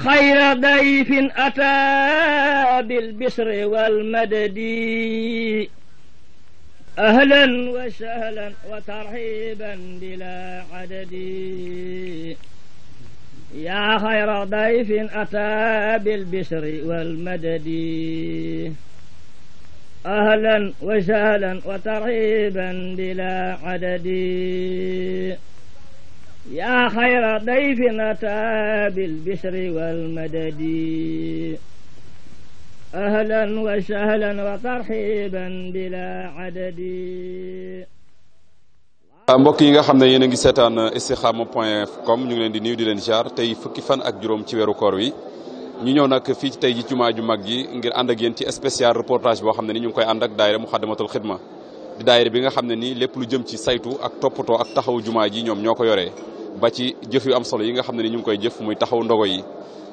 xayra dayfin ataa bil bisri wal madadi ahlan wa sahlan wa tarxiiban bilaa adadi yaa xayra dayfin ataa bil bisri wal madadi ahlan wa sahlan wa tarxiiban bilaa adadi yaa xayra dayfin ataa bil bishri wal madadi ahlan wa sahlan wa tarxiban bila adadi mbokk yi nga xam ne yéen a ngi seetaan istikhama point comme ñu ngi leen di nuyu di leen jaar tey fukki fan ak juróom ci weeru koor wi ñu ñëw nag fii ci tey ji jumaa ju mag ji ngir ànd ak yéen ci spécial reportage boo xam ne ni ñu ngi koy ànd ak daayira Muxaddamatul Xidma di bi nga xam ne nii lépp lu jëm ci saytu ak toppatoo ak taxawu jumaa ji ñoom ñoo ko yore ba ci jëf yu am solo yi nga xam ne ni ñu ngi koy jëf muy taxaw ndogo yi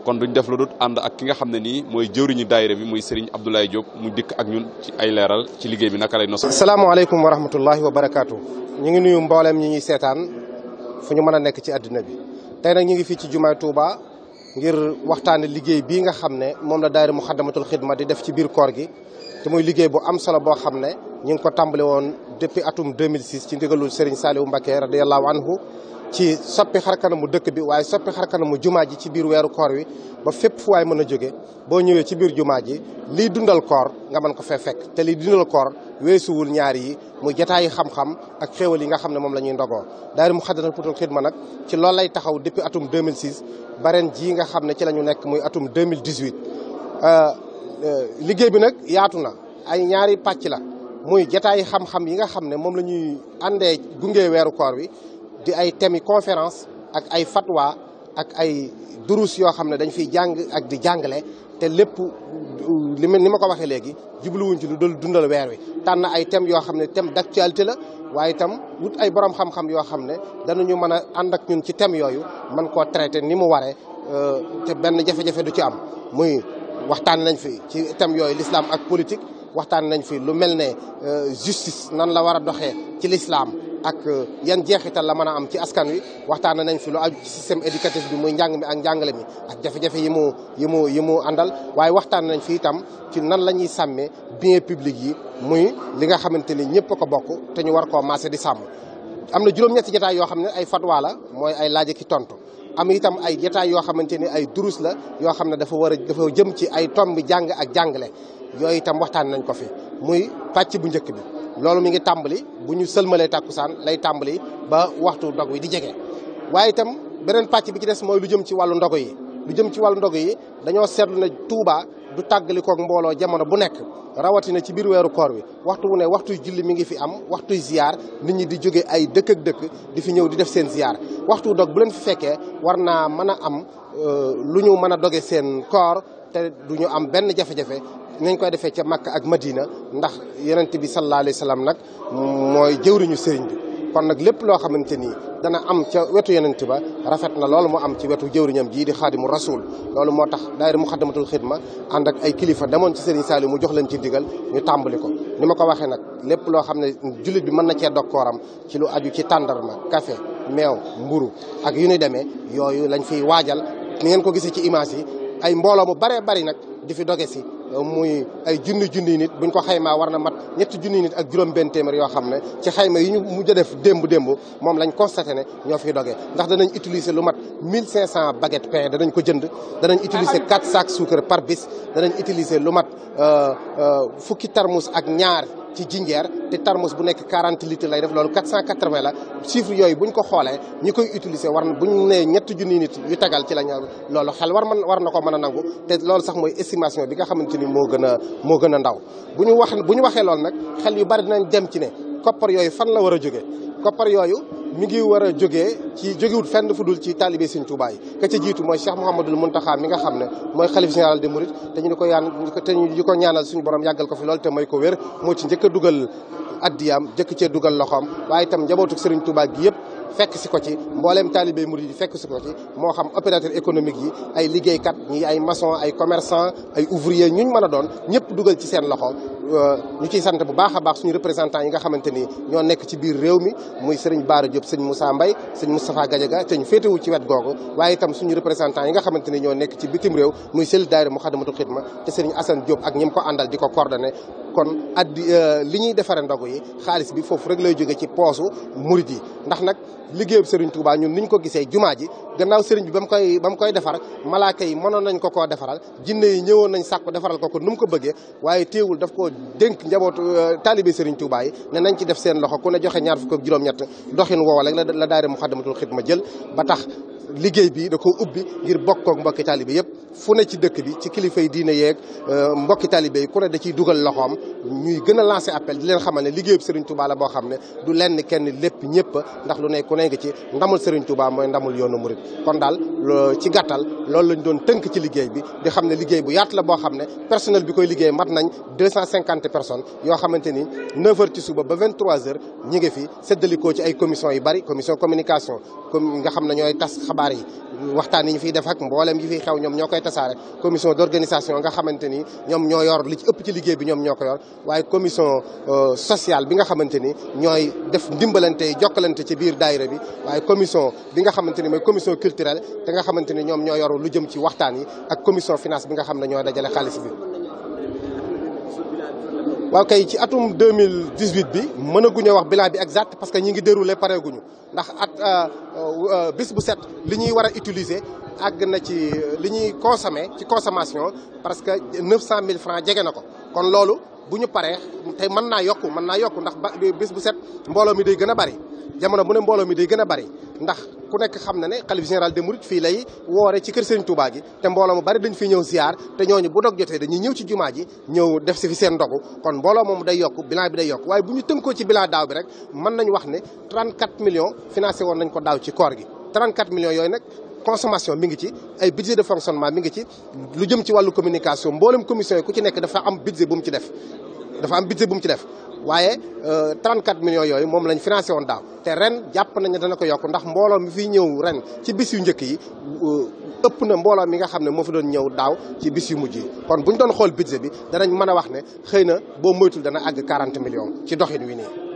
kon duñ def lu dut ànd ak ki nga xam ne nii mooy jëwriñu daayira bi muy Serigne Abdoulaye Diop mu dikk ak ñun ci ay leeral ci liggéey bi naka lay nos salaamaaleykum wa rahmatullahi wa barakaatu ñu ngi nuyu mbooleem ñi ñuy seetaan fu ñu mën a nekk ci àddina bi tey nag ñu ngi fii ci jumaay Touba ngir waxtaane liggéey bii nga xam ne moom la daayira Muxaddamatul Xidma di def ci biir koor gi te muy liggéey bu am solo boo xam ne ñi ngi ko tàmbali woon depuis atum 2006 ci ndigalul Serigne Saliou Mbacké radiyallahu anhu ci soppi mu dëkk bi waaye soppi xarkanamu jumaa ji ci biir weeru koor wi ba fépp fu waay mën a jóge boo ñëwee ci biir jumaa ji liy dundal koor nga mën ko fee fekk te liy dundal koor weesuwul ñaar yi muy jataay yi xam-xam ak xéewal yi nga xam ne moom la ñuy ndogoo daayira Moukhaddamatoul ma nag ci loolu lay taxaw depuis atum 2006 ba ren jii nga xam ne ci la ñu nekk muy atum 2018 euh, euh, liggéey bi nag yaatu na ay ñaari pàcc la muy jataay xam-xam yi nga xam ne moom la ñuy àndee gunge weeru koor wi di ay thèmes conférence ak ay fatwa ak ay durus yoo xam ne dañ fiy jàng ak di jàngale te lépp li ni ma ko waxee léegi jubluwuñ ci lu dul dundal weer wi tànn ay thèmes yoo xam ne tem thème d'actualité la waaye itam wut ay borom xam-xam yoo xam ne danañu mën a ànd ak ñun ci thèmes yooyu mën koo traité ni mu waree euh, te benn jafe-jafe du ci am muy waxtaan nañ fi ci tem yooyu l'islam ak politique waxtaan nañ fi lu mel ne euh, justice nan la war a doxee ci lislaam ak euh, yan jeexital la mën a am ci askan wi waxtaan nañ fi lu aju ci système éducatif bi muy njàng mi ak njàngale mi ak jafe-jafe yi mu yi mu yi mu àndal waaye waxtaan nañ fi itam ci nan la ñuy sàmmee bien public yi muy li nga xamante ni ñëpp a ko bokk te ñu war ko marché di sàmm am na juróom-ñetti jotaay yoo xam ne ay fatwa mooy ay laaje ki tontu am itam ay jotaay yoo xamante ni ay durus la yoo xam ne dafa war a dafa jëm ci ay tomb jàng ak jàngale yooyu itam waxtaan nañ ko fi muy pàcc bu njëkk bi loolu mi ngi tàmbali bu ñu sëlmalee tàkkusaan lay tàmbali ba waxtu ndog wi di jege waaye itam beneen pàcc bi ci des mooy lu jëm ci wàllu ndogo yi lu jëm ci wàllu ndogo yi dañoo seetlu na Touba du tàggali koog mbooloo jamono bu nekk rawatina ci biir weeru koor wi waxtu wu ne waxtu julli mi ngi fi am waxtu ziar nit ñi di jóge ay dëkk ak dëkk di fi ñëw di def seen ziar waxtu dog bu leen fi fekkee war naa mën a am euh, lu ñu mën a doge seen koor te du ñu am benn jafe-jafe nañ koy defee ca Makka ak Madina ndax yonent bi sallallahu alayhi wa sallam nag mooy jëwriñu sëriñ bi. kon nag lépp loo xamante ni dana am ca wetu yonent ba rafet na loolu mu am ci wetu jëwriñam jii di mu rasul loolu moo tax daayira muxaddamatul xidma ànd ak ay kilifa demoon ci Serigne Saliou mu jox leen ci ndigal ñu tàmbali ko ni ma ko waxee nag lépp loo xam ne jullit bi mën na cee dog kooram ci lu aju ci tàndarma café meew mburu ak yu ñu demee yooyu lañ fiy waajal ni ngeen ko gisee ci image yi ay mbooloo mu baree bari nag di fi doge si muy ay junni junni nit buñ ko xayma war na mat ñett junni nit ak juróom benn téeméer yoo xam ne ci xayma yi ñu mujj a def démb démb moom lañ constaté ne ñoo fiy dogee ndax danañ utiliser lu mat cinq 1500 baguette pain danañ ko jënd danañ utiliser 4 sacs sucre par bis danañ utiliser lu mat euh, euh, fukki tarmus ak ñaar ci jinjeer te thermos bu nekk 40 litres lay def loolu 480 la chiffre yooyu bu ñu ko xoolee ñi koy utiliser war na bu ñu nee ñetti junni nit yu tegal ci la ñu loolu xel war man war na ko mën a nangu te lool sax mooy estimation bi nga xamante ni moo gën a moo gën a ndaw bu ñu wax bu ñu waxee loolu nag xel yu bari dinañ dem ci ne koppar yooyu fan la war a jóge koppar yooyu mi ngi war a jógee ci jógewut fenn fu dul ci taalibe Sëriñ Tuubaa yi ka ca jiitu mooy Cheikh Mouhamadul Mountakha mi nga xam ne mooy xalif général des mourides te ko yaan te ñu di ko ñaanal suñu borom yàggal ko fi lool te may ko wér moo ci njëkk a dugal addiyaam jëkk cee dugal loxoom waaye itam njabootu Sëriñ Tuubaa gi yëpp fekk si ko ci mbooleem taalibé murid yi fekk si ko ci moo xam opérateur économique yi ay liggéeykat ñi ay maçon ay commerçant ay ouvrier ñu mën a doon ñëpp dugal ci seen loxo euh, ñu ci sant bu baax a baax suñu représentant yi nga xamante ni ñoo nekk ci biir réew mi muy sëriñ Baara Diop sëñ Moussa Mbaye sëñ Moustapha Gadiaga te ñu féetewu ci wet googu waaye itam suñu représentant yi nga xamante ni ñoo nekk ci bitim réew muy sël daayira Muxaddamatul Xidma te sëriñ Assane Diop ak ñi mu ko àndal di ko coordonné kon addi euh, li ñuy defaree ndogu yi xaalis bi foofu rek lay jóge ci poosu murid yi ndax nag liggéeyub Serigne Touba ñun ni ñu ko gisee jumaa ji gannaaw Serigne bi ba mu koy ba mu koy defar malaaka yi mënoon nañ ko koo defaral jinne yi ñëwoon nañ sàkku defaral ko ko nu mu ko bëggee waaye téewul daf koo dénk njabootu euh, taalibe Serigne Touba yi ne nañ ci def seen loxo ku ne joxe ñaar fukk ak juróom-ñett doxin woowa rek la daayira Muxaddamatul Xidma jël ba tax liggéey bi da ko ubbi ngir bokk ak mbokki taalibe yëpp fu ne ci dëkk bi ci kilifa yi diine yeeg euh, mbokki talibe yi ku ne da ciy dugal loxoom ñuy gën a lancer appel di leen xamal ne liggéeyub Serigne Touba la boo xam ne du lenn kenn lépp ñëpp ndax lu ne ku ne nga ci ndamul Serigne Touba mooy ndamul yoonu murit kon daal ci gàttal loolu lañ doon tënk ci liggéey bi di xam ne liggéey bu yaat la boo xam ne personnel bi koy liggéey mat nañ deux cent cinquante personnes yoo xamante ni neuf heures ci suba ba vingt trois heures ñi ngi fi séddalikoo ci ay commission yu bari commission communication comme nga xam ne ñooy tas xabaar yi waxtaan yi ñu fiy def ak mboolem yi fiy xew ñoom ñoo koy tasaare commission d'organisation nga xamante ni ñoom ñoo yor li ëpp ci liggéey bi ñoom ñoo ko yor waaye commission euh, sociale bi nga xamante ni ñooy def ndimbalante yi jokkalante ci biir daayira bi waaye commission bi nga xamante ni mooy commission culturelle te nga xamante ni ñoom ñoo yor lu jëm ci waxtaan yi ak commission finance bi nga xam ne ñoo dajale xaalis bi waaw kay ci atum 2018 bi mën a guñu wax bilan bi exact parce que ñi ngi déroulé pare ndax at euh, euh, bis bu set li ñuy war a utiliser àgg na ci euh, li ñuy consommer ci consommation parce que 900000 francs jege na ko kon loolu bu ñu paree tey mën naa yokk mën naa yokk ndax ba bis bu set mbooloo mi day gën a bari jamono bu ne mbooloo mi day gën a bari ndax ku nekk xam na ne xalif général des mourides fii lay woore ci kër Serigne Touba gi te mbooloo mu bari dañ fi ñëw ziar te ñooñu bu dog jotee dañuy ñëw ci jumaa ji ñëw def si fi seen ndogu kon mbooloo moom day yokk bilan bi day yokk waaye bu ñu tënkoo ci bilan daaw bi rek mën nañ wax ne 34 millions financé woon nañ ko daaw ci koor gi 34 millions yooyu nag consommation mi ngi ci ay budget de fonctionnement mi ngi ci lu jëm ci wàllu mboolem commission ku ci nekk dafa am budget bu mu ci def dafa am budget bu mu ci def waaye 34 euh, millions yooyu moom lañ financé woon daaw te ren jàpp nañ ne dana ko yokk ndax mbooloo mi fi ñëw ren ci bis yu njëkk yi euh, ëpp na mbooloo mi nga xam ne moo fi doon ñëw daaw ci bis yu mujj yi kon bu ñu doon xool budget bi danañ mën wax ne xëy na boo moytul dana àgg 40 millions ci doxin wi nii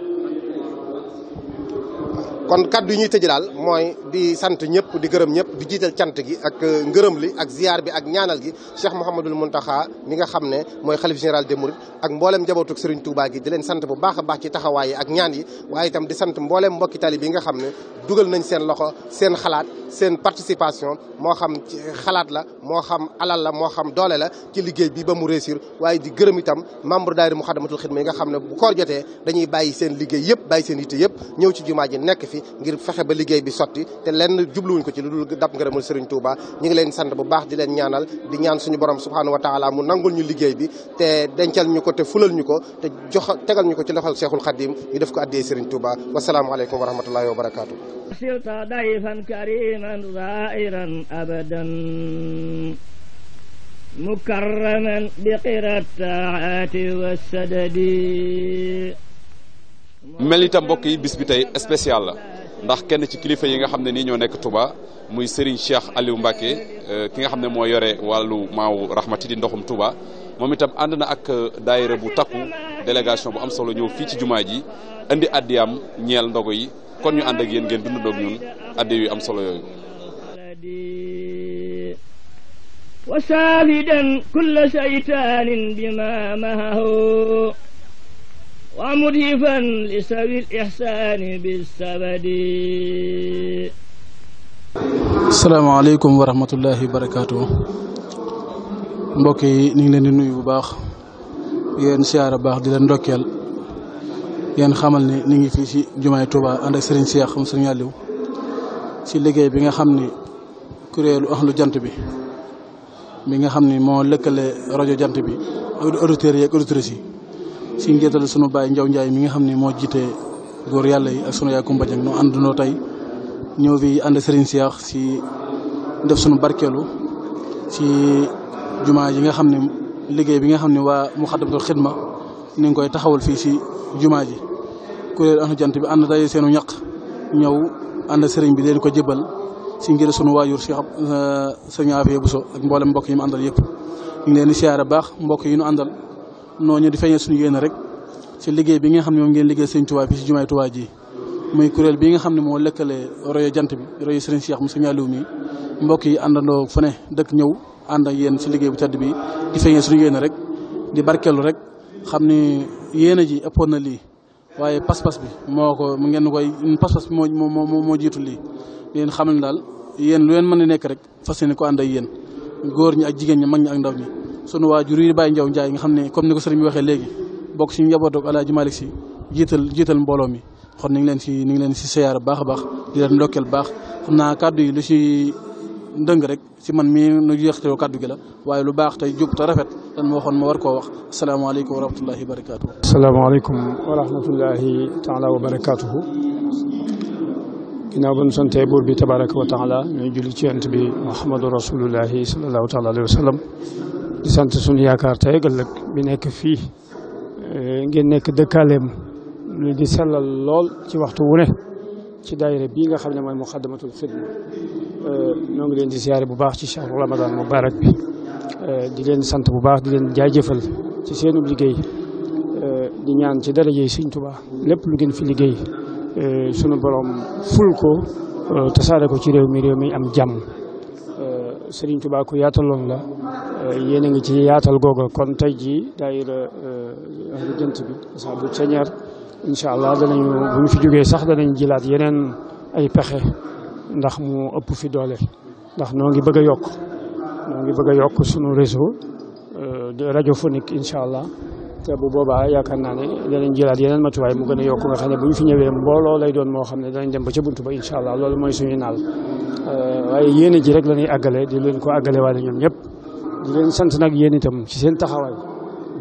kon kaddu yi ñuy tëj daal mooy di sant ñëpp di gërëm ñëpp di jiital cant gi ak euh, ngërëm li ak ziar bi ak ñaanal gi Cheikh Mouhamadul Mountakha mi nga xam ne mooy xalif général des Mourides ak mboolem njabootu Serigne Touba gi di leen sant bu baax a baax ci taxawaay yi ak ñaan yi waaye itam di sant mbooleem mbokki talib yi nga xam ne dugal nañ seen loxo seen xalaat seen participation moo xam ci xalaat la moo xam alal la moo xam doole la ci liggéey bi ba mu réussir waaye di gërëm itam membre daayira Muxaddamatul Xidma nga xam ne bu koor jotee dañuy bàyyi seen liggéey yëpp bàyyi seen yëpp ñëw ci jumaa nekk fi ngir fexe ba liggéey bi sotti te lenn jubluwuñ ko ci lu dul dab ngërëmul Serigne Touba ñu ngi leen sant bu baax di leen ñaanal di ñaan suñu borom subhanahu wa taala mu nangul ñu liggéey bi te dencal ñu ko te fulal ñu ko te jox tegal ñu ko ci loxol Cheikhul Khadim ñu def ko addee Serigne Touba wasalaamu aleykum wa wa barakaatu silta dayfan kariman zairan abadan مكرما بقرى الطاعات والسدد mel ni tam mbokk yi bis bi tey spécial la ndax kenn ci kilifa yi nga xam ne ni ñoo nekk Touba muy Serigne Cheikh Aliou Mbacke euh, ki nga xam ne moo yore wàllu maaw rahmati di ndoxum Touba moom itam ànd na ak euh, daayira bu takku délégation bu am solo ñëw fii ci jumaa ji indi addiyaam ñeel ndogo yi kon ñu ànd ak yéen ngeen dund doog ñun addi yu am solo yooyu ومضيفا لسوي الإحسان بالسبد السلام عليكم ورحمة الله وبركاته mbokk yi ñu ngi leen di nuyu bu baax yéen siyaara baax di leen ndokkeel yéen xamal ni ñu ngi fi ci jumaay Touba ànd ak Serigne Cheikh xam Serigne Aliou ci liggéey bi nga xam ni kuréelu ahlu jant bi bi nga xam ni moo lëkkale rajo jant bi auditeurs yi ak auditrices yi si ngeetal sunu baay Njaw Njaay mi nga xam ne moo jiite góor yàlla yi ak sunu yaay Kumba Jeng noo àndandoo tey ñëw fi ànd Serigne Cheikh si def sunu barkeelu si jumaa ji nga xam ne liggéey bi nga xam ne waa Muxaddamatul Xidma ni ngi koy taxawal fii si jumaa ji kuréel jant bi ànd tey seenu ñaq ñëw ànd sëriñ bi leen ko jëbal si ngir sunu waajur si xam sëriñ Afia Buso ak mboolem mbokk yi mu àndal yëpp leen di baax mbokk yi ñu àndal noonu di feeñee suñu yéene rek ci liggéey bi nga xam ne moom ngeen liggéey sëñ Tuubaa fii ci jumaay Tuubaa ji muy kuréel bi nga xam ne moo lëkkale royo jant bi royo Serigne Cheikh mu sëñ Aliou mbokk yi àndandoo fu dëkk ñëw ànd ak yéen ci liggéey bu tedd bi di feeñee suñu yéene rek di barkeelu rek xam ni yéene ji ëppoon na lii waaye pas-pas bi moo ko mu ngeen koy pas-pas bi moo moo moo jiitu lii yéen xam ne daal yéen lu leen mën a nekk rek fas yéene ko ànd ak yéen góor ñi ak jigéen ñi mag ñi ak ndaw ñi sunu waajur yi bàyyi njaw njaay nga xam ne comme ni ko sëriñ bi waxee léegi bokk suñu njabootu ak Alaaji Malick si jiital jiital mbooloo mi kon ni leen si ni ngi leen si siyaar baax baax di leen ndokkeel baax xam naa kàddu yi lu si ndëng rek si man mii nu yéexteewoo kàddu gi la waaye lu baax tey jub te rafet lan ma ma war koo wax asalaamaaleykum wa rahmatullahi wa barakaatu. asalaamaaleykum wa rahmatullahi taala wa barakaatuhu. ginnaaw ba nu santee buur bi tabaraka wa taala ñuy julli ci yonent bi Muhammadu rasulullahi sallallahu taala alayhi wa sallam di sant suñu yaakaar tey ëllëg bi nekk fii eh, ngeen nekk dëkkaaleem lu di sellal lool ci waxtu wu ne ci daayira bii nga xam ne mooy muxaddamatul xidma eh, ñoo ngi leen di siyaare bu baax ci shahru ramadan mubarak bi eh, di leen sant bu baax di leen jaajëfal ci seenu liggéey di ñaan ci darajey Sëñ Tuubaa lépp lu ngeen fi liggéey sunu borom ful ko tasaare ko ci réew mi réew mi am jàmm Sëriñ Tuubaa yaata yaataloon la yéen a ngi ci yaatal googa kon tey jii daayira euh, ahlu jant bi Ashaabul Plénière incha allah danañu bu ñu fi jógee sax danañ jilaat yeneen ay pexe ndax mu ëpp fi doole ndax noo ngi bëgg a yokk noo ngi bëgg yokk sunu réseau de euh, radiophonique incha allah te bu boobaa yaakaar naa ne danañ jëlaat yeneen matuwaay mu gën a yokk nga xam ne bu ñu fi ñëwee mbooloo lay doon moo xam ne danañ dem ba ca bunt ba incha allah loolu mooy suñu naal euh, waaye yéene ji rek la ñuy àggale di ko àggale waale ñoom ñëpp. leen sant nag yéen itam ci seen taxawaay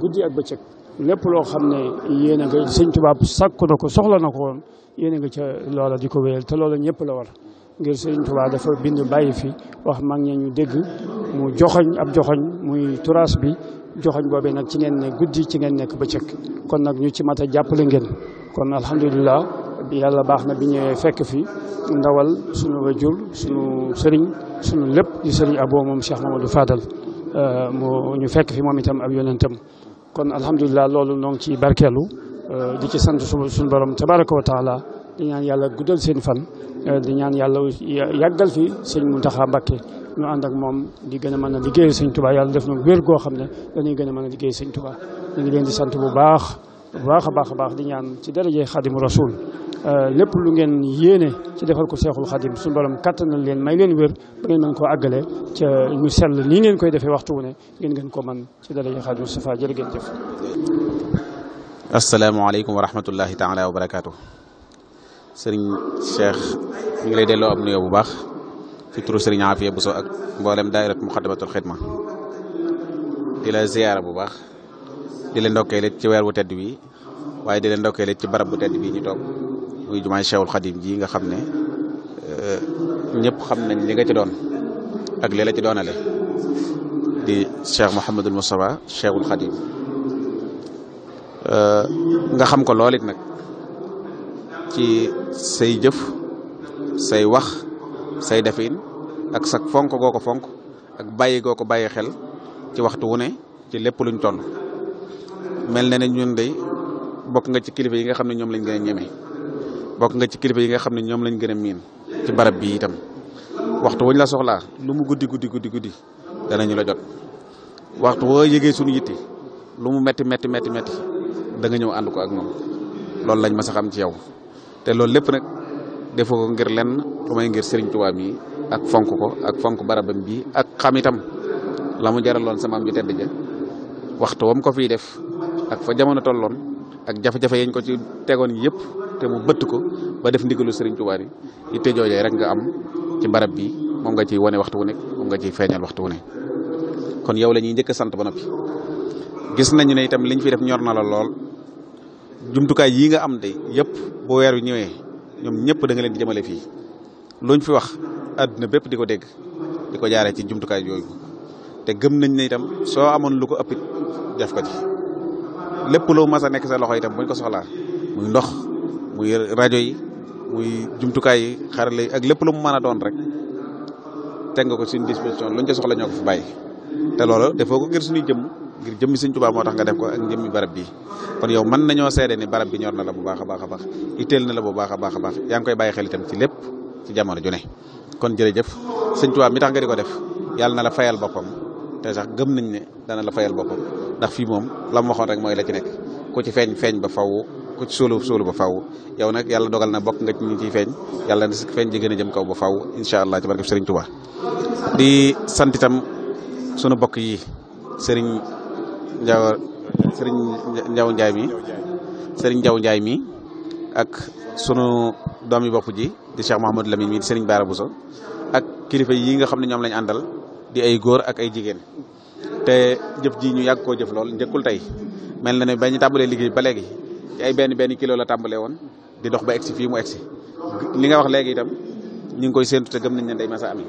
guddi ak bëccëg lépp loo xam ne yéen a nga sëñ Tuubaa sàkku na ko soxla na ko woon yéen nga ca loola di ko wéyal te loola ñëpp la war ngir sëñ Tuubaa dafa bind bàyyi fi wax mag ña ñu dégg mu joxoñ ab joxoñ muy turaas bi joxoñ boobee nag ci ngeen ne guddi ci ngeen nekk bëccëg kon nag ñu ci mat a jàppale ngeen kon alhamdulilah yàlla baax na bi ñëwee fekk fi ndawal suñu wajur suñu sëriñ suñu lépp di sëriñ aboo moom Cheikh Mamadou Fadal Euh, mu ñu fekk fi moom itam ab yonentam kon alhamdulilah loolu noo ngi ci barkeelu euh, di ci sant suñu borom tabaraka wa taala di ñaan yàlla guddal seen fan euh, di ñaan yàlla yàggal fi mu Muntaxa Mbàkke ñu ànd ak moom di gën a mën a liggéey sëñ Tuubaa yàlla def na wér goo xam ne dañuy gën a mën a liggéey sëñ Tuubaa ñu ngi leen di sant bu baax bu baax a baax a baax di ñaan ci daraje Xaadimu Rasuul Euh, lépp lu ngeen yéene ci defal ko Seexul Xadim su borom kàttan na leen may leen wér ba ngeen mën koo àggale ca ñu sell nii ngeen koy defee waxtu wu ne ngeen ko man ci dara yi Xadim Mustafa jërë ngeen jëf. asalaamaaleykum wa rahmatullahi taala wa barakaatu. Serigne Cheikh ñu ngi lay delloo am nuyoo bu baax fi turu Serigne Afia Bousso ak mboolem daayirat Muxaddamatul Xidma di la ziyaara bu baax di la ndokkeel ci weer wu tedd wi waaye di la ndokkeel ci barab bu tedd bi muy jumaay Cheikhul Khadim ji nga xam ne euh, ñëpp xam nañ li nga ci doon ak li la ci le di Cheikh Mouhamadul Moustapha Cheikhul Khadim euh, nga xam ko lool nag ci say jëf say wax say defin ak sa fonk goo ko fonk ak bàyyi goo ko bàyyi xel ci waxtu wu ne ci lépp luñ toll mel na ne ñun de bokk nga ci kilifa yi nga xam ne ñoom lañ gën ñeme. bokk nga ci kilifa yi nga xam ne ñoom lañ gën a miin ci barab bi itam waxtu wuñ la soxlaa lu mu guddi guddi guddi guddi danañu la jot waxtu woo yëgee suñu yitti lu mu metti metti metti metti da ñëw ànd ko ak moom loolu lañ ma sa xam ci yow te loolu lépp nag defoo ngir lenn lu may ngir Sëriñ Tuubaa yi ak fonk ko ak fonk barabam bi ak xam itam la mu jaraloon sama am ju tedd ja waxtu wam ko fi def ak fa jamono tolloon ak jafe-jafe yañ ko ci tegoon yëpp te mu bëtt ko ba def ndigalu Serigne Touba yi yitte joojee rek nga am ci barab bi moom nga ciy wone waxtu wu ne moom nga ciy feeñal waxtu wu ne kon yow la ñuy njëkk a sant ba noppi gis nañu ne itam liñ fi def ñor na lool jumtukaay yii nga am de yëpp boo weer ñëwee ñoom ñëpp da leen di jëmale fii luñ fi wax àdduna bépp di ko dégg di ko jaaree ci jumtukaay yooyu te gëm nañ ne itam soo amoon lu ko ëppit def ko ci lépp loo mas a nekk sa loxo itam buñ ko soxlaa muy ndox muy rajo yi muy jumtukaay yi xaral lay ak lépp lu mu mën a doon rek teg nga ko suñ disposition luñ ca soxla ñoo ko fi bàyyi te loolu defoo ko ngir suñuy jëm ngir jëmmi Sëñ Tuubaa moo tax nga def ko ak jëmmi barab bi kon yow mën nañoo seede ni barab bi ñor na la bu baax a baax a baax itteel na la bu baax a baax a baax yaa ngi itam ci lépp ci jamono ju ne kon jërëjëf Sëñ Tuubaa mi tax nga di ko def yàlla na la fayal boppam te sax gëm nañ ne dana la fayal boppam ndax fii moom la mu waxoon rek mooy la ci nekk ku ci feeñ feeñ ba faw ko ci sóolu sóolu ba faw yow nag yàlla dogal na bokk nga ci ñu ciy feeñ yàlla na si feeñ ji gën a jëm kaw ba faw incha allah ci barkeb sëriñ Tuubaa di sant itam sunu bokk yi sëriñ Njaw Njaay mi sëriñ Njaay mi ak sunu doom yi bopp ji di Cheikh Mouhamadou Lamine mi di sëriñ Baara Bousso ak kilifa yi nga xam ne ñoom lañ àndal di ay góor ak ay jigéen te jëf ji ñu yàgg koo jëf lool njëkkul tey mel na ne ba ñu tàmbalee liggéey ba léegi ay benn benn kilo la tàmbalee woon di dox ba egsi fii mu egsi li nga wax léegi itam ñu ngi koy séentu te gëm nañ ne day masa ami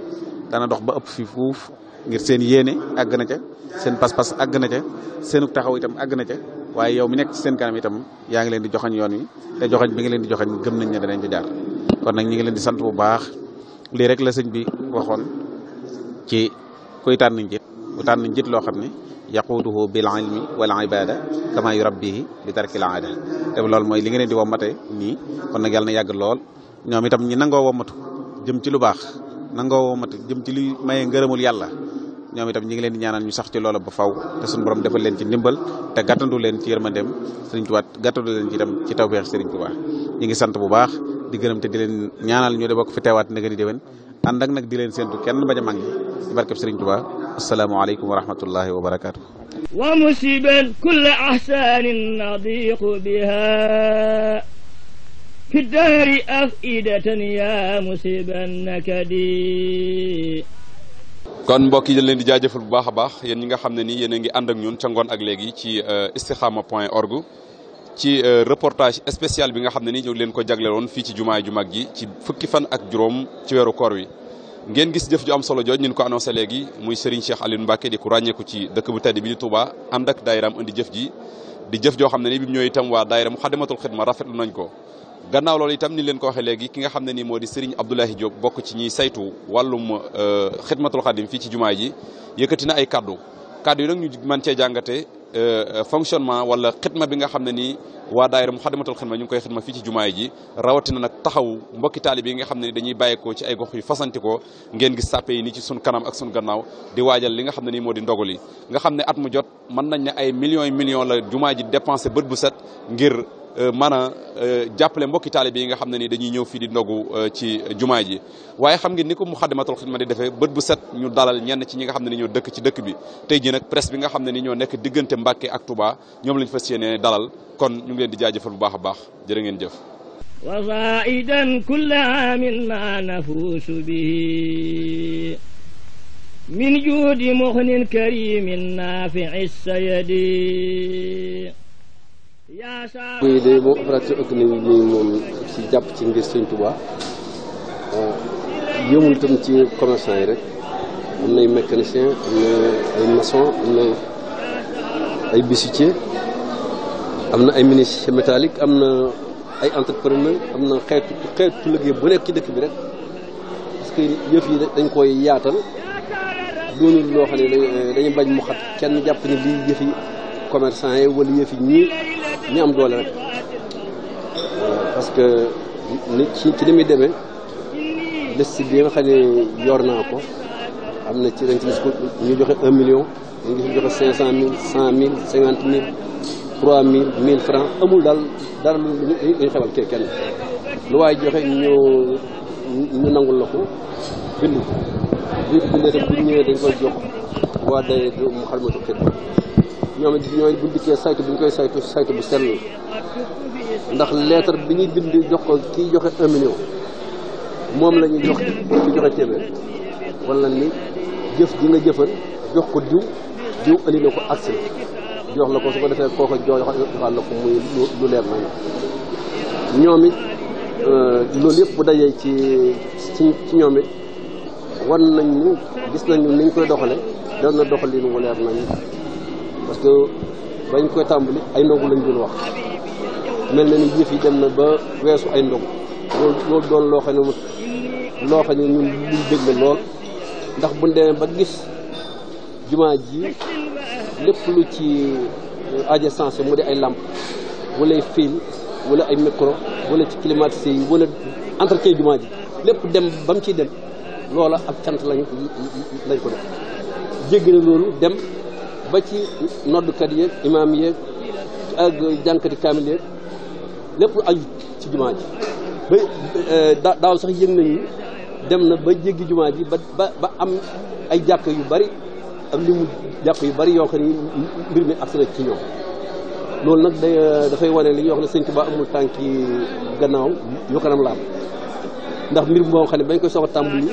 dana dox ba ëpp fi fuuf ngir seen yéene àgg na ca seen pas-pas àgg na ca seenu taxaw itam àgg na ca waaye yow mi nekk ci seen kanam itam yaa ngi leen di joxañ yoon wi te joxañ bi nga leen di joxañ gëm nañ ne danañ ci jaar kon nag ñu ngi leen di sant bu baax lii rek la sëñ bi waxoon ci kuy tànn njit bu tànn njit loo xam ne yaquuduhu bil ilmi wal ibada kama yurabbihi bi tarkil aada te loolu mooy li nga leen di wommate nii kon nag yàlla na yàgg lool ñoom itam ñi nangoo wommatu jëm ci lu baax nangoo wommatu jëm ci li maye ngërëmul yàlla ñoom itam ñi ngi di ñaanal ñu sax ci loola ba faw te suñu borom defal leen ci ndimbal te gàttandu leen ci yërmandeem sëriñ Tuubaa gàttandu leen ci itam ci tawfeex sëriñ Tuubaa ñi ngi sant bu baax di gërëm te di leen ñaanal ñu de bokk fi teewaat na gën a ànd ak nag di leen séentu kenn bañ a màngi ci barkeb Sëriñ Tuubaa asalaamaaleykum wa rahmatullahi wa barakaatu. wa biha fi daari afidatan ya musiban nakadi kon mbokk yi leen di jaajëfal bu baax baax yéen ñi nga xam ne nii yéen a ngi ànd ak ñun ca ngoon ak léegi ci euh, istikhama point org ci euh, reportage spécial bi nga xam ne ni ñu leen ko jagleeloon fii ci jumaay ju mag ji ci fukki fan ak juróom ci weeru koor wi ngeen gis jëf ju am solo jooj ñu ko annoncé léegi muy Serigne Cheikh Alioune Mbacke di ku ràññeeku ci dëkk bu tedd bi di Touba ànd ak daayiraam indi jëf ji di jëf joo xam ne ni bi mu ñëwee itam waa daayira Muxaddamatul Xidma rafetlu nañ ko gannaaw loolu itam ni leen ko waxee léegi ki nga xam ne ni moo di Serigne Abdoulahi Diop bokk ci ñiy saytu wàllum euh, xidmatul xadim fii ci jumaay ji yëkkati na ay kaddu kaddu yi nag ñu mën cee jàngate Euh, euh, fonctionnement wala xidma bi nga xam ne nii waa daayira Muxaddamatul Xidma ñu ngi koy xidma fii ci jumaay ji rawatina nag taxaw mbokki taalib yi nga xam ne ni dañuy bàyyeekoo ci ay gox yu fasanti ko ngeen gis yi nii ci sun kanam ak sun gannaaw di waajal li nga xam ne nii moo di ndogal yi nga xam ne at mu jot mën nañ ne ay millions yi millions la jumaa ji dépensé bët bu set ngir Euh, mën a euh, jàppale mbokki taalibe yi nga xam ne ni dañuy ñëw fi di ndogu euh, ci jumaa ji waaye xam ngeen ni ko mu Muxaddamatul Xidma di defee bët bu set ñu dalal ñenn ci ñi nga xam ne ni ñoo dëkk ci dëkk bi tey ji nag presse bi nga xam ne ni ñoo nekk diggante Mbàkke ak Touba ñoom lañu fas yéene dalal kon ñu ngi leen di jaajëfal bu baax a baax jërë ngeen jëf wa zaidan kulla aamin ma nafuusu bihi min juudi muxnin karimin naafi'i sayidi muy de moom opération économique bi moom si jàpp ci ngir Sëñ Tuubaa yëmul tam ci commerçant yi rek am na ay mécanicien am na ay maçon am na ay bijoutier am am na ay entrepreneur am na xeetu xeetu liggéey bu nekk ci dëkk bi rek parce que yëf yi dañ koy yaatal doonul loo xam ne dañuy bañ mu xat kenn jàpp ni lii yëf yi commerçant yi wala yëfi ñi ñi am doole rek parce que nit ci ci deme muy demee liste bi yor naa ko am na ci dañ ci ñu joxe un million dañ gis ñu joxe cinq cent mille cent mille cinquante mille trois mille mille francs amul daal dara lu ñu xewal kenn lu waaye joxe ñu ñu nangul la ko bind ko bind ko bindee tam bu ñëwee dañ koy jox waa day mu xarmatu xit ñoom it ñooñu bu dikkee saytu bi ñu koy saytu saytu bu sell ndax lettre bi ñuy bind jox ko kii joxe un million moom la ñuy jox ci joxe téeméer wala nga jëfal jox ko diw ko agsi jox la ko su defee kooko joxal la ko muy lu leer nañu ñoom it euh, loolu yëpp bu dajee ci ci ñoom it wan nañ ñu gis nañu niñ koy doxale doon na doxalin wu leer nañ que bañ koy tàmbali ay ndogu lañ doon wax mel na ni yëf yi dem na ba weesu ay ndogu loolu loolu doon loo xam ne loo xam ne ñun luñ la lool ndax buñ demee ba gis jumaa ji lépp lu ci euh, aje sensé mu di ay làmp wala ay fil wala ay micro wala ci climatisé yi wala entretien jumaa ji lépp dem ba mu ciy dem loola ak cant lañ lañ ko def jéggi na loolu dem ba ci noddukat yeeg imaam yeeg ak jànkati kaamil yeeg lépp aju ci jumaa ji ba e, daaw sax yëg nañu dem na ba jéggi jumaa ji ba ba am ay jàkk yu bari ak li mu jàkk yu bari yoo xam ni mbir mi agsi na ci loolu nag day e, dafay wane li ñuy wax ne sëñ Tuubaa amul tànki gannaaw yu kanam laam ndax mbir moo xam ne bañ koy soog a tàmbali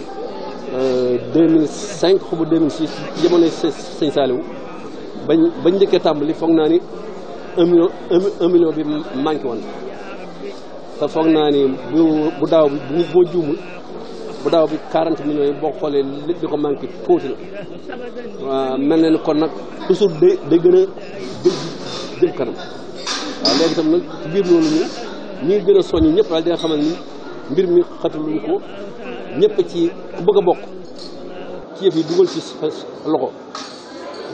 2005 e, xubu 2006 jamono sëñ Saaliwu ba bañ njëkkee tàmbali foog naa ni un million bi manqué woon te foog naa ni bu bu daaw bi bu boo juumul bu daaw bi quarante millions boo xoolee li ko manqué tuuti la waaw mel na ni kon nag toujours day day gën a jëm ci biir loolu ñu ñu ngi gën a soññ ñëpp daal di nga ni mbir mi xataluñ ko ñëpp ci ku bëgg a bokk ci yëf yi dugal ci loxo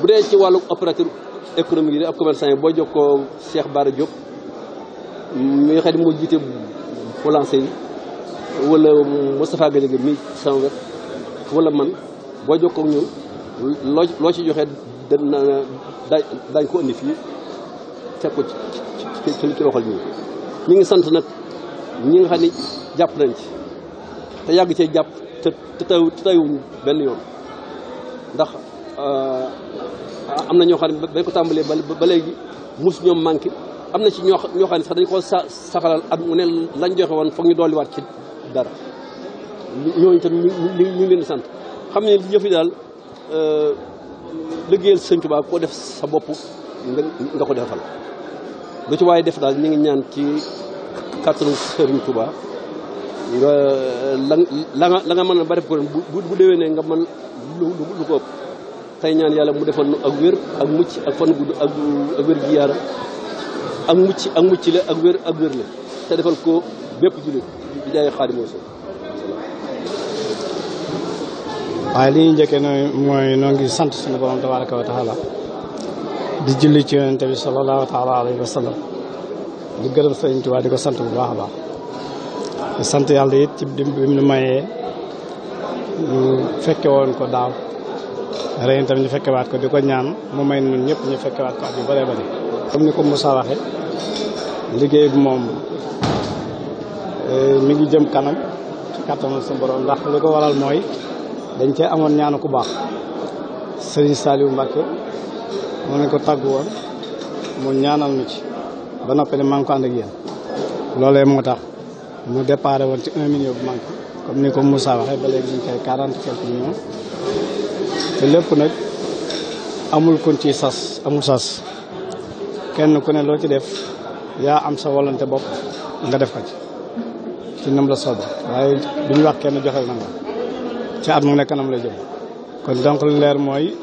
bu dee ci wàllu opérateur économique yi ak commerçant boo jokkoo Cheikh Bara Diop mi nga xam ne moo jiite folancé yi wala Moustapha Gadiaga mi sama wet wala man boo jokkoo ak ñoom loo ci joxe dana dañ ko indi fii teg ko ci ci ci loxol ñi ñu ngi sant nag ñi nga xam ne jàpp nañ ci te yàgg cee jàpp te te taw te tawuñ benn yoon ndax euh, am na ñoo xam ne bañ ko tàmbalee ba léegi mus ñoom manqué am na ci ñoo ñoo xam ne sax dañ koo sa saxalal at mu ne lañ joxe woon foog ñu waat ci dara ñooñu tam ñu ngi leen sant xam ne yëf yi daal euh, liggéeyal sëñ Tuubaa koo def sa bopp nga ko defal lu ci waaye def daal ñu ngi ñaan ci kàttanu sëriñ Tuubaa nga la nga la nga mën a ba def ko bu bu ne nga mën lu lu ko ëpp tey ñaan yàlla mu defal nu ak wér ak mucc ak fan mucc la ak wér ak wér la te defal ko bépp jullit di jaay Xaadimu Rasuul waaye li ñu njëkkee nooy mooy noo ngi sant suñu borom tabaraka wa taala di julli ci yonente bi sallallahu alayhi wa di gërëm sëriñ Tuubaa di ko sant bu baax a baax di sant yàlla it ci bi mu mayee fekke woon ko daaw ren itam ñu fekkee fekkewaat ko di ko ñaan mu may nun ñëpp ñu fekkewaat ko ak yu bëree bëri comme ni ko Moussa waxe liggéey bi moom eh, mi ngi jëm kanam ci sa borom ndax li ko waral mooy dañ cee amoon ñaanu ku baax Serigne Saliou Mbacke moo ne ko tàggu woon mu ñaanal nu ci ba noppi ne maa ngi ko ànd moo tax mu déparé woon ci bu manqué comme ni ko Moussa waxee ba léegi ñu ngi koy quarante quelques te lépp nag amul kun ci sas amul sas kenn ku ne loo ci def yaa am sa volonté bopp nga def ko ci ci nam la soobe waaye duñu wax kenn joxel na nga ci at mu nekk nam la jëm kon donc lu leer mooy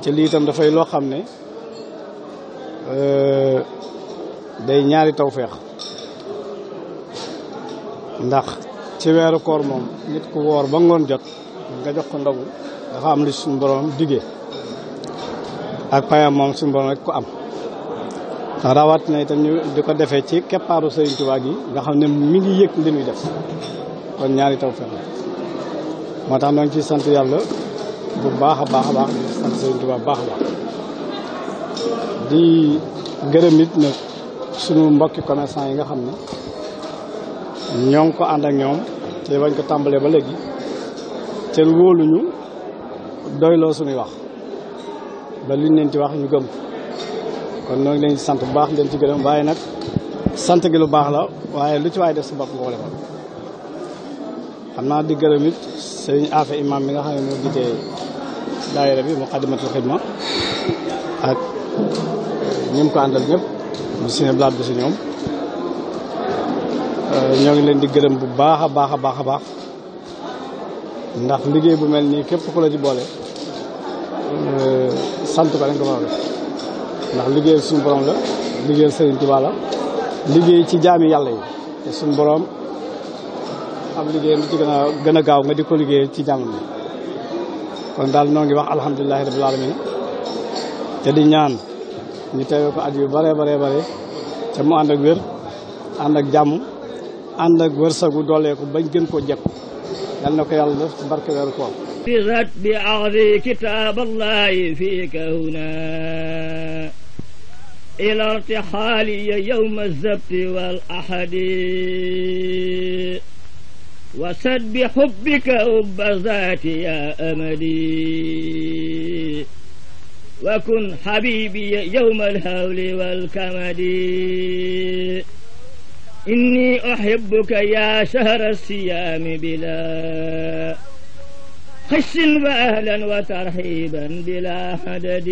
ci lii itam dafay loo xam ne euh, day ñaari tawféex ndax ci weeru koor moom nit ku woor ba ngoon jot nga jox ko ndogu dafa am lu suñu borom diggee ak payam moom suñu borom rek ko am ndax rawat na itam ñu di ko defee ci keppaaru Sëriñ Tuubaa gi nga xam ne mi ngi yëg li muy def kon ñaari taw fen moo tax ñoo ngi ciy sant yàlla bu baax a baax a baax di sant Sëriñ baax a baax di gërëm it nag suñu mbokki commerçant yi nga xam ne ñoo ngi ko ànd ak ñoom te bañ ko tàmbalee ba léegi te wóoluñu doyloo suñuy wax ba luñ leen ci wax ñu gëm kon noo ngi leen ci sant bu baax leen ci gërëm waaye nag sant gi lu baax la waaye lu ci waaye def sa bopp nga ko xam naa di gërëm it sëriñ Afe imam bi nga xam ne moo jiite daayira bi Muqaddimatul Xidma ak ñim ko àndal ñëpp di sine blaat bi si ñoom euh, ñoo ngi leen di gërëm bu baax a baax a baax a baax ndax liggéey bu mel nii képp ku la ci boole Euh, sant ko lañ ko war ndax liggéeyal suñu borom la liggéeyal Serigne Touba liggéey ci jaami yàlla yi te suñu borom am liggéeyam a gaaw nga di ko liggéey ci jàmm bi kon daal noo ngi wax alhamdulilahi rabbil alamin te di ñaan ñu teewee ko at yu bare bare bare te mu ànd ak wér ànd ak jàmm ànd ak wërsëgu dooleeku bañ gën koo jekku yal na ko yàlla def ci barke weeru koor حفظت بأخذ كتاب الله فيك هنا إلى ارتحال يوم السبت والأحد وسد بحبك حب ذات يا أمدي وكن حبيبي يوم الهول والكمد إني أحبك يا شهر الصيام بلا خش وأهلا وترحيبا بلا حدد